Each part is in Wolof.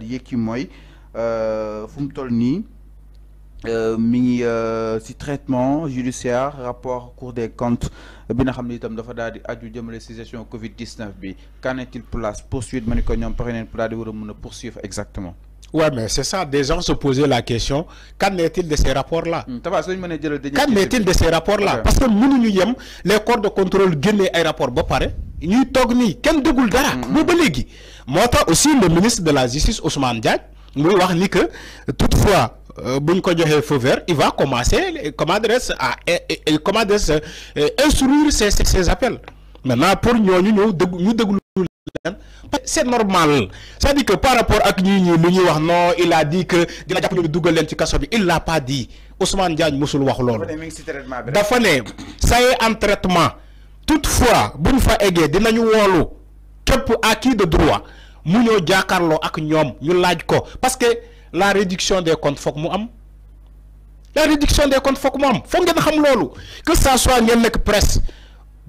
c'est-à-dire ki moi euh, fu Mes euh, euh, traitement judiciaire rapport cours des comptes bi nga xam ne itam dafa daal de aju Covid 19 qu'en est-il pour la poursuite de mon ko pour la poursuivre exactement. Oui, mais c'est ça. Des gens se posaient la question qu'en est-il de ces rapports-là hmm, Qu'en est-il de ces rapports-là Parce que nous, nous, les corps de contrôle de l'aéroport rapports, nous toog nii kenn nous dara. de mm-hmm. aussi le ministre de la justice Ousmane Diagne nous wax dit que toutefois euh, il va commencer à comment appels maintenant pour nous, nous c'est normal c'est-à-dire que par rapport à nous nous lu il a dit que il l'a pas dit Ousmane Diagne wax loolu. dafa ça est en traitement toutefois bu ñu fa eggee dinañu wolu képp acquis de droit mu ñëw jàkkaarloo ak ñom ñu laaj ko parce que la réduction des comptes foog mu am la réduction des comptes foog mu am xam que ça soit ngeen presse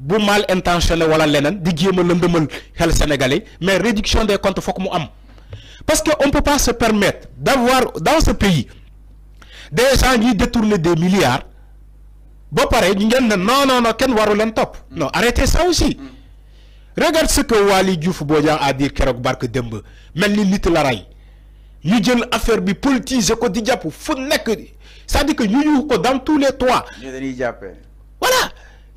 mal intentionné wala lenen di jéem xel sénégalais mais réduction des comptes foog mu am parce que on peut pas se permettre d'avoir dans ce pays des gens qui détournent des milliards ba pareil, ñu ngeen ne non non non Ken waru leen mm. non arrêtez ça aussi. Mm. regarde ce que Waly Diouf football a dit keroog barke démb mel ni nit la rey ñu jël affaire bi politiser ko di japp fu nekk c'est-à-dire que ñu ko dans tous les toits. voilà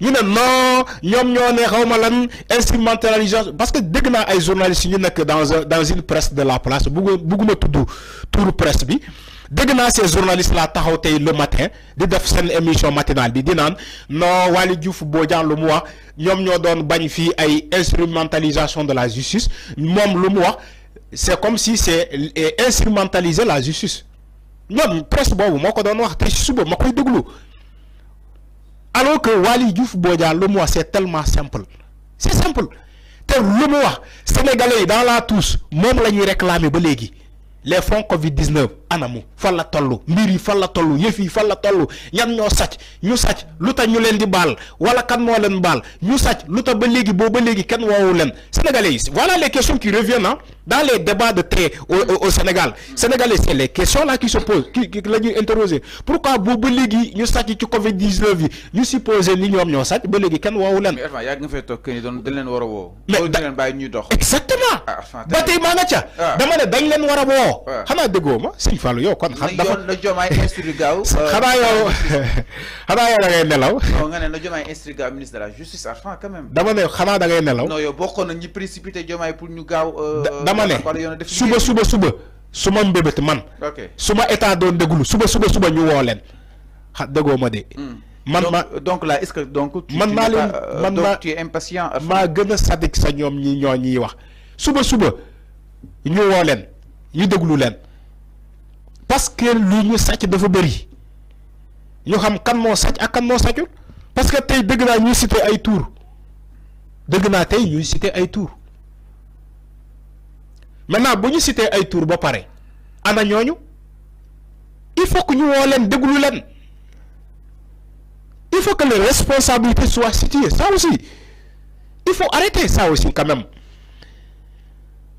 ñu ne non ñoom ñoo ne lan instrumentalisation parce que dégg na ay journalistes ñu nekk dans dans une presse de la place beaucoup bugguma tuddu tout presse bi. Déjà ces journalistes là taxaw le matin di def sen émission matinale bi di nan non Wally Diouf Bodian lu mu wax ñom ñoo doon bañ ay instrumentalisation de la justice même lu mu wax c'est comme si c'est instrumentaliser la justice ñom presse bobu moko doon wax te suba ma deglu alors que Wally Diouf Bodian lu c'est tellement simple c'est simple té lu mu wax sénégalais dans la tous même lañuy réclamer ba légui les fonds Covid 19 anamu falla la toll mbir yi fa la toll yëf yi fan la toll ñan ñoo sacc ñu sacc lu ñu leen di bal wala kan mo leen bal ñu sacc lu ba léegi bo ba woowu sénégalais voilà les questions qui reviennent hein, dans les débats de thé au, au, Sénégal sénégalais c'est les questions là qui se posent qui qui la ñuy interroger pourquoi bo ba léegi ñu sacc ci Covid 19 yi ñu supposé ni ñom ñoo sacc ba woowu mais nga fay ni doon dañ leen war a woo. exactement. Ah, ba tey maa nga ca. Ah. dama ne dañ leen wara wo ah sëñ kon. xam dafa la euh, ministre de justice ah, quand même. pour ñu euh, dama ne suba suba suba état suba suba suba ñu de. Hmm. man donc là est-ce que donc. tu es impatient. ma gën a sa ñoom ñi wax suba parce que l'union ñu sàcc dafa bëri ñu xam kan mo sàcc ak kan mo sàccul parce que tey dëgg naa ñuy citer ay tour dëgg naa tey ñuy citer ay tour maintenant bu ñu citer ay tour ba pareil. ana ñooñu il faut que nous allons leen il faut que les responsabilités soient situées ça aussi il faut arrêter ça aussi quand même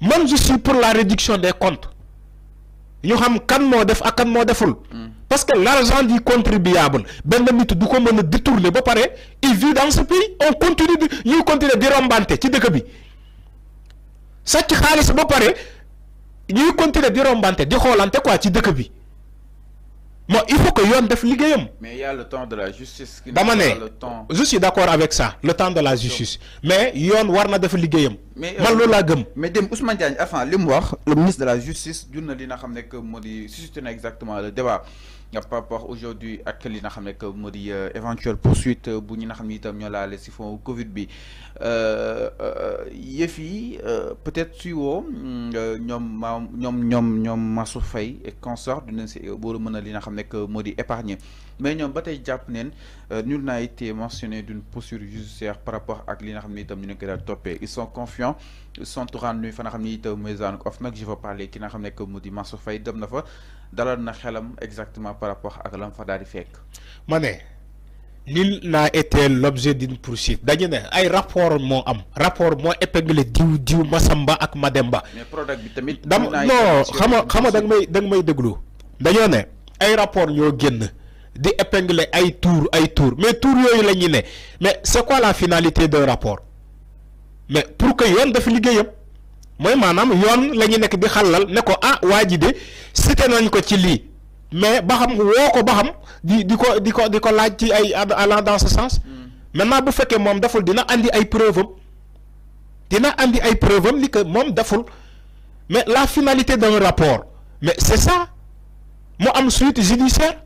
Même je suis pour la réduction des comptes ñu xam kan moo def ak kan moo deful. parce que l'argent du contribuable ben nit du duko meuna détourner ba paré il vit dans ce pays on continue de ñu continuer di rombanté ci dëkk bi sàcc xaalis ba paré ñuy continuer di rombanté di xoolante quoi ci dëkk bi moo il faut que yone def liggéeyam. mais y a le temps de la justice. dama ne je suis d'accord avec ça le temps de la justice mais yone warna def liggéeyam man euh, loolu laa gëm. mais dem Ousmane Diagne avant li mu wax le ministre de la justice jur na li nga xam ne que moo di suscité na exactement le débat euh, par rapport aujourd'hui ak li nga xam ne que moo euh, éventuelle poursuite bu ñu nga xam ne itam ñoo si fond Covid bi yëf yi peut-être suy woo mm, ñoom maam ñoom ñoom ñoom Massou Faye et consort dinañ si booru mën a li nga xam ne que moo di épargner mais ñoom batay japp euh, nul n'a été mentionné d'une posture judiciaire par rapport à li nga xamni ne itam ñu ne daal ils sont confiants sont rendus fa nga xamni ne itam maison nak je veux parler ki nga xam que mu di Mansour dem na fa dalal na xelam exactement par rapport ak lam fa manet di nul n'a été l'objet d'une poursuite dañu né ay rapport mo am rapport mo épinglé diou diou Masamba ak Mademba. mais product bi tamit. non xama xama xam may da may déglu. dañu né ay rapport ñoo génn di épingler ay tour ay tour mais tour il la ñuy mais c'est quoi la finalité d'un rapport mais pour que yoon dafa liggéeyam mooy maanaam yoon la ñu nekk di xalal ne ko ah waa ji de cité nañ ko ci lii mais ba xam woo ko ba xam di di ko laaj allant dans ce sens hmm. maintenant bu fekkee moom deful dina andi ay preuve dina andi ay preuve am ni que mon mais la finalité d'un rapport mais c'est ça moi am suite judiciaire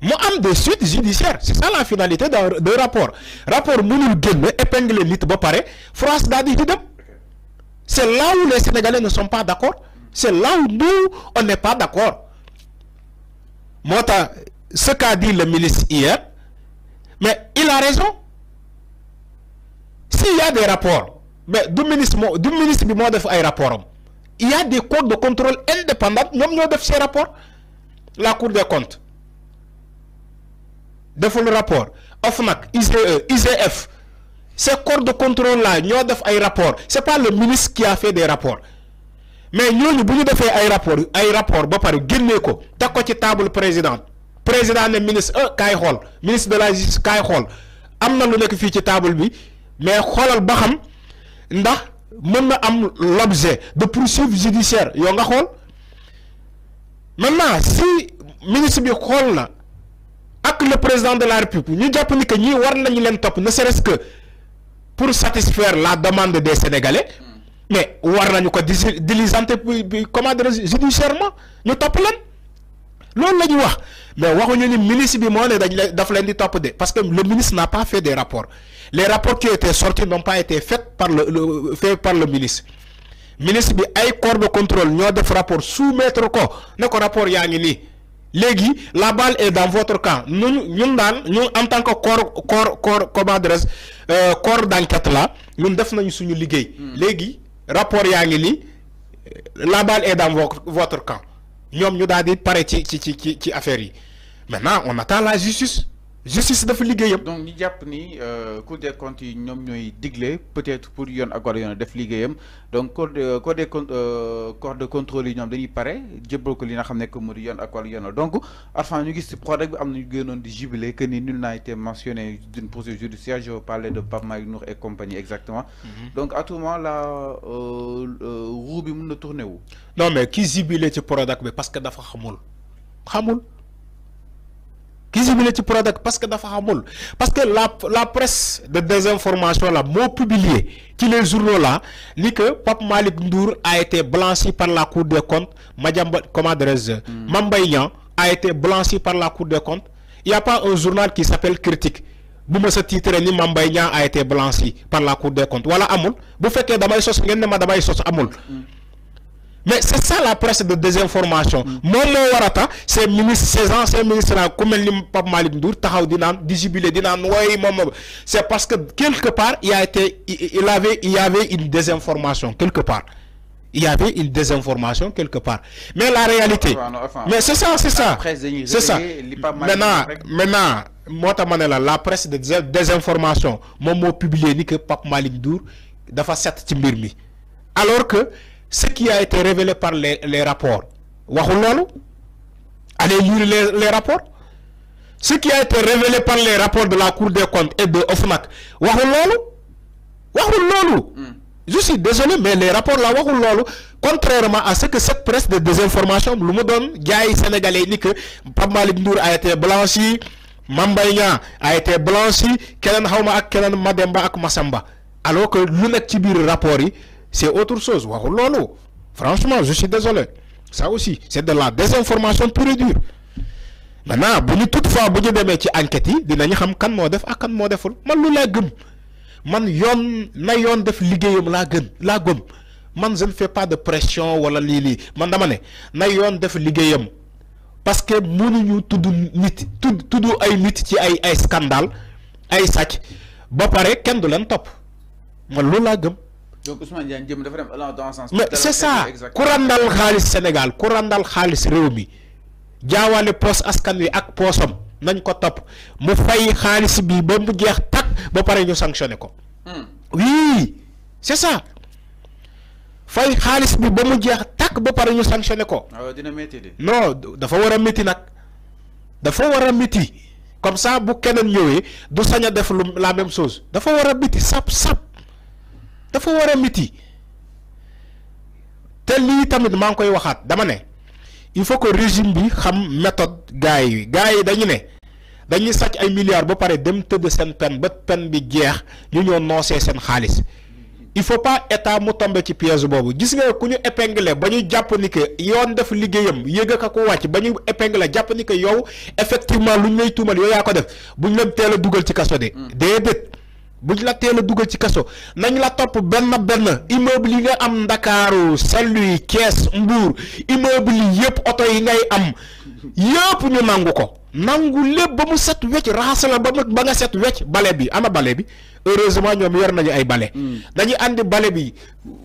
moi, am des suites judiciaires c'est ça la finalité de rapport rapport épingler ba France c'est là où les Sénégalais ne sont pas d'accord c'est là où nous on n'est pas d'accord ce qu'a dit le ministre hier mais il a raison s'il y a des rapports mais du ministre du ministre il y a des cours de contrôle indépendants ñoom ñoo def ces rapports la Cour des comptes le rapport OFNAC ICE, IGF ces corps de contrôle là ñoo def ay rapport c'est pas le ministre qui a fait des rapports mais nous bu ñu defee ay rapport ay rapport ba pare génnee ko teg ko ci table président président ne ministre ah kaay xool ministre de la justice kaay xool am na lu nekk fii ci table bi mais xoolal ba xam ndax mën na am l'objet de poursuite judiciaire yoo nga xool maintenant si ministre bi xool na ak le président de la république ni jàpp ni que ni war nañu leen ne serait-ce que pour satisfaire la demande des sénégalais mm. mais war nañu ko diligenter pour comment dire judiciairement ñu top leen loolu la ñu wax mais waxuñu ni ministre bi moo ne dañ leen daf leen di de parce que le ministre n'a pas fait des rapports les rapports qui étaient sortis n'ont pas été faits par le, le par le ministre ministre bi ay corps de contrôle ñoo def rapport soumettre ko ne ko rapport yaa ngi léegi la balle est dans votre camp ñun ñun daan ñun en tant que corps corps corps comment dirais euh, corps d'enquête la ñun def nañu suñu liggéey. Hmm. léegi rapport yaa ngi li euh, la balle et dans votre camp ñoom ñu daal di pare ci ci ci ci affaire yi mais maintenant on attend la justice. justice dafa liggéeyam. donc ñu japp ni euh, cour des comptes ñom ñoy diglé peut-être pour yone ak yone yoon def liggéeyam donc corps de corps des euh, corps de contrôle ñom dañuy paré jëbbal ko li nga xamné ko que mu di ak donc enfin ñu gis ci product bi am ñu gënoon di jubilé que ni nul n'a été mentionné d'une procédure judiciaire je parlais de Pape Malick Nour et compagnie exactement. Mm-hmm. donc à tout moment la euh, roue bi mëna tourner wu. non mais qui jubilé ci product bi parce que dafa xamul xamul qui se ci product parce que dafa xamul parce que la la presse de désinformation là moo publié ci les journaux là ni que Pape Malick Ndour a été blanchi par la Cour de comptes Madame comment adresse hmm. a été blanchi par la Cour de comptes il n'y a pas un journal qui s'appelle Critique vous me sa titre ni Mambayan a été blanchi par la Cour des comptes voilà amul vous faites damay sos ngeen ne ma damay sos amul hmm mais c'est ça la presse de désinformation mon mm. c'est ces ministres anciens ministres là Pape Ndour c'est parce que quelque part il a été il avait il y avait une désinformation quelque part il y avait une désinformation quelque part mais la réalité mais c'est ça c'est ça c'est ça maintenant maintenant la presse de désinformation mon mot publié ni que Pape Malik Ndour dafa set Timbirmi. alors que ce qui a été révélé par les, les rapports. Allez lire les, les, rapports. Ce qui a été révélé par les rapports de la Cour des comptes et de OFNAC. Hmm. Je suis désolé, mais les rapports là, contrairement à ce que cette presse de désinformation me donne, les Sénégalais dit que Pab a été blanchi, Mambaïna a été blanchi, Kelan Hauma ak Mademba ak Alors que l'un qui rapport, c'est autre chose waxul loolu franchement je suis désolé ça aussi c'est de la désinformation pure et dure maintenant bu ñu toutefois bu ñu demee ci enquête yi dinañu xam kan moo def ak kan moo deful man lu gëm man yon na yon def liggéeyam la gën la gëm man je ne fais pas de pression wala li li man dama né na yon def liggéeyam parce que ñu tudd nit tudd tudd ay nit ci ay ay scandale ay sàcc ba pare kenn du leen top man lu la gëm donc Ousmane Diagne jëm dafa dem dans sens. mais c'est ça ku randal xaalis Sénégal ku randal xaalis réew mi jaawaale poos askan wi ak poosam nagn ko top mu fay khalis bi ba mu jeex tak ba paré ñu sanctionné ko. Hmm. oui c'est ça fay khalis bi ba mu jeex tak ba paré ñu sanctionné ko. Ah dina metti de. non dafa wara metti nak dafa wara metti comme ça bu kenen ñëwé du saña def la même chose dafa wara a sap sap. dafa war a miti te lii tamit maa ngi koy waxaat dama ne il faut que régime bi xam méthode gars yi gars yi dañu ne dañuy sàcc ay milliards ba pare dem tëdd seen peine ba pen bi jeex ñu ñoo noosee seen xaalis il faut pas état mu tombe ci piège boobu gis nga ku ñu épinglé ba ñu jàpp ni que yoon def liggéeyam yëg ak ko wàcc ba ñu épinglé jàpp ni que yow effectivement lu ñu lay tuumal yow yaa ko def bu ñu la teel a dugal ci kaso de mm. déedéet buñ la teel a dugal ci kaso nañ la topp benn benn immeuble yi nga am ndakaaru Saint-Louis Thiès Mbour immeuble yi yëpp oto yi ngay am yëpp ñu nangu ko nangu lépp ba mu set wecc raxas la ba mu ba nga set wecc bale bi ama bale bi heureusement ñoom yor nañu ay bale hmm. dañuy àndi bale bi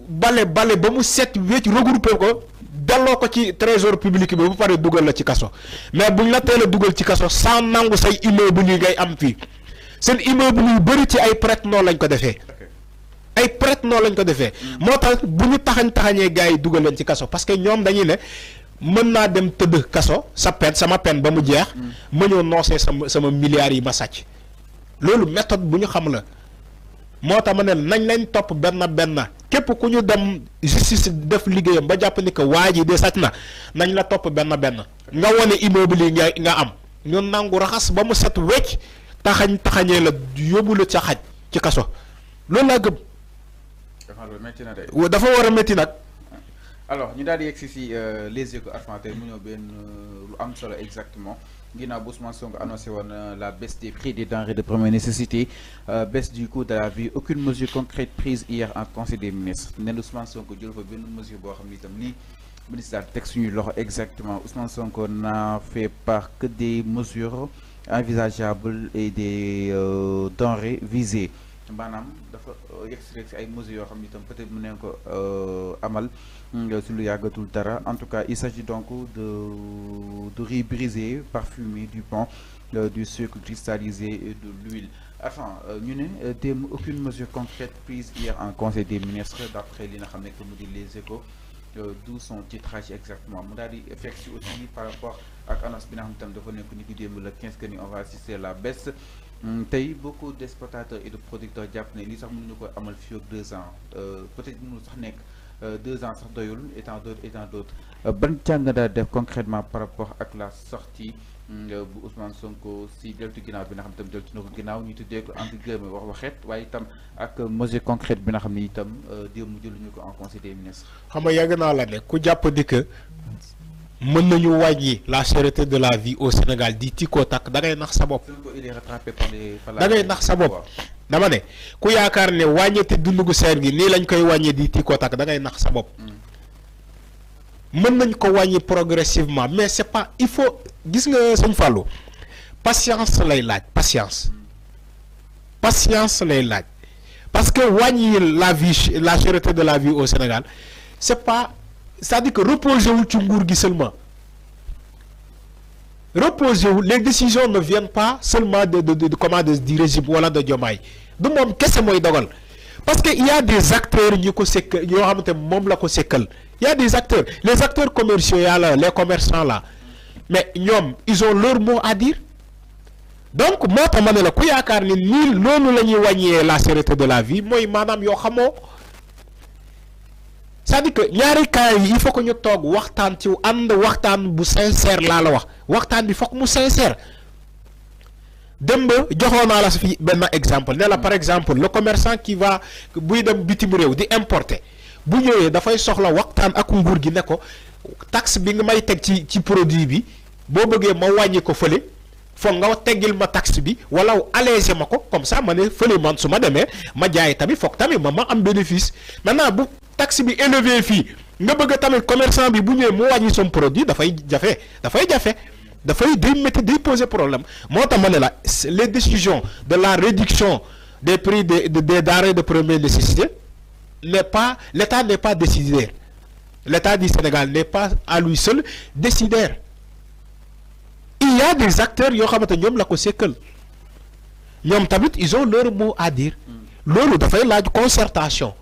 bale bale ba mu set wecc regroupé ko delloo ko ci trésor public bi bu pare dugal la ci kaso mais buñ la teel dugal ci kaso sans nangu say immeuble yi ngay am fii seen immeuble yu bari ci ay prête non lañ ko défé ay prête non lañ ko défé motax buñu taxañ taxañé gaay yi dugal ci kasso parce que ñom dañuy né mën naa dem teud kasso sa peine sama peine ba mu jeex mm. ma ñoo nosé sama sama milliards yi ma sacc lolu méthode buñu xam la mota mané nañ lañ top ben ben képp ku ñu dem justice def liggéeyam ba jàpp ni que waa ji de na nañ la top ben ben nga woné immeuble yi nga am ñu nangu raxas ba mu set wécc taxañ taxagne la yóbbu la ca xaj ci kasso lool la gëm. dafa war a métti alors ñu daal di euh, que si les échos arpentés mu ñow ben euh, lu am solo exactement ginnaaw bu Ousmane annoncé euh, la baisse des prix des denrées de première nécessité baisse du coût de la vie aucune mesure concrète prise hier en conseil des ministres mais Ousmane Sonko jël fa benn mesure boo xam ni itam nii ministre daal suñu loxo exactement Ousmane Sonko n'a fait part que des mesures envisageable et des euh, denrées visées euh, euh, amal mm, en tout cas il s'agit donc de de riz brisé parfumé du pain du sucre cristallisé et de l'huile enfin aucune mesure concrète prise hier en conseil des ministres d'après les échos d'où son titrage exactement par rapport ak annonce bi nga xam tam dafa nekk ni ki démb la 15 que on va assister la baisse hmm, Tay beaucoup d'exploitateurs et de producteurs jàpp ni sax mënuñu ko amal fii ak deux ans euh, peut-être mënul sax nekk 2 euh, ans sax doyul étant d' autres étant d' autres euh, ban jàng daa def concrètement par rapport ak la sortie hmm, bu Ousmane Sonko si deltu ginaaw bi nga xam tam deltu na ko ginnaaw ñu tuddee ko entre guillemets wax waxet waye tam ak mesure concrète bi nga xam ne itam démb jëluñu ko en conseil des ministres. xam nga yàgg naa la ne ku japp di que mën nañu wàññi la charité de la vie au Sénégal di tikkoo takk da ngay nax sa bopp. da ngay nax sa bopp. dama ne ku yaakaar ne wàññeeti dundu gu seer gi nii lañ koy wàññee di tikkoo da ngay nax sa bopp. Mm. mën nañ ko wàññi progressivement mais c'est pas il faut gis nga son Fallou patience lay laaj patience. Mm. patience lay laaj parce que wàññi la vie la charité de la vie au Sénégal c'est pas c'est-à-dire que reposez-vous ci seulement Reposez-vous. les décisions ne viennent pas seulement de de comment du régime ou de Diomaye ce que kese moi parce qu'il y a des acteurs qui ko il y a des acteurs les acteurs commerciaux les commerçants là mais ils ont leur mot à dire donc je suis ne la ku je ni ni la ñuy la de la vie Moi suis sa à que ñaari cas yi il ñu toog waxtaan ci ànd waxtaan bu sincère laa la wax waxtaan bi foog mu sincère démb joxoon naa la fi benn exemple ne la par exemple le commerçant qui va buy dem bitim réew di importer bu ñëwee dafay soxla waxtaan ak nguur gi ne ko taxe bi nga may teg ci ci produit bi boo bëggee ma wàññi ko fële. foog nga teggil ma taxe bi wala allégé ma comme ça mané ne man su ma ma jaay tamit foog tamit ma am bénéfice maintenant bu taxe bi élevé fi nga bëgg tamit commerçant bi bu ñëw mo wàññi son produit dafay jafe dafay jafe dafay day métti day poser problème moo mané la les décisions de la réduction des prix des des denrées de première nécessité n'est pas l'État n'est pas décidaire l'État du Sénégal n'est pas à lui seul décidaire il y a des acteurs qui ont leur la ko ils ont leur mot à dire loolu fait la concertation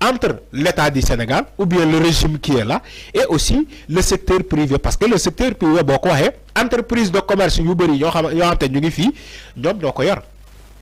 entre l'État du Sénégal ou bien le régime qui est là et aussi le secteur privé parce que le secteur privé beaucoup entreprise de commerce ils ont fait xam